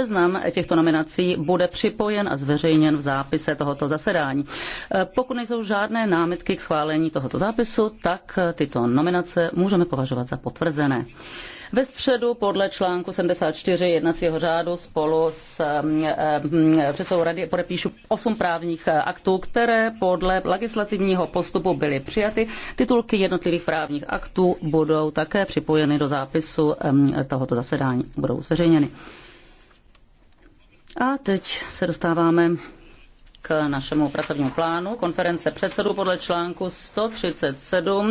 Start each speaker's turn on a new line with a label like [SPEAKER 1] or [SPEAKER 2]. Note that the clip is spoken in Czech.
[SPEAKER 1] Seznam těchto nominací bude připojen a zveřejněn v zápise tohoto zasedání. Eh, pokud nejsou žádné námitky k schválení tohoto zápisu, tak eh, tyto nominace můžeme považovat za potvrzené. Ve středu podle článku 74 jednacího řádu spolu s eh, předsedou rady podepíšu osm právních aktů, které podle legislativního postupu byly přijaty. Titulky jednotlivých právních aktů budou také připojeny do zápisu tohoto zasedání, budou zveřejněny. A teď se dostáváme k našemu pracovnímu plánu konference předsedů podle článku 137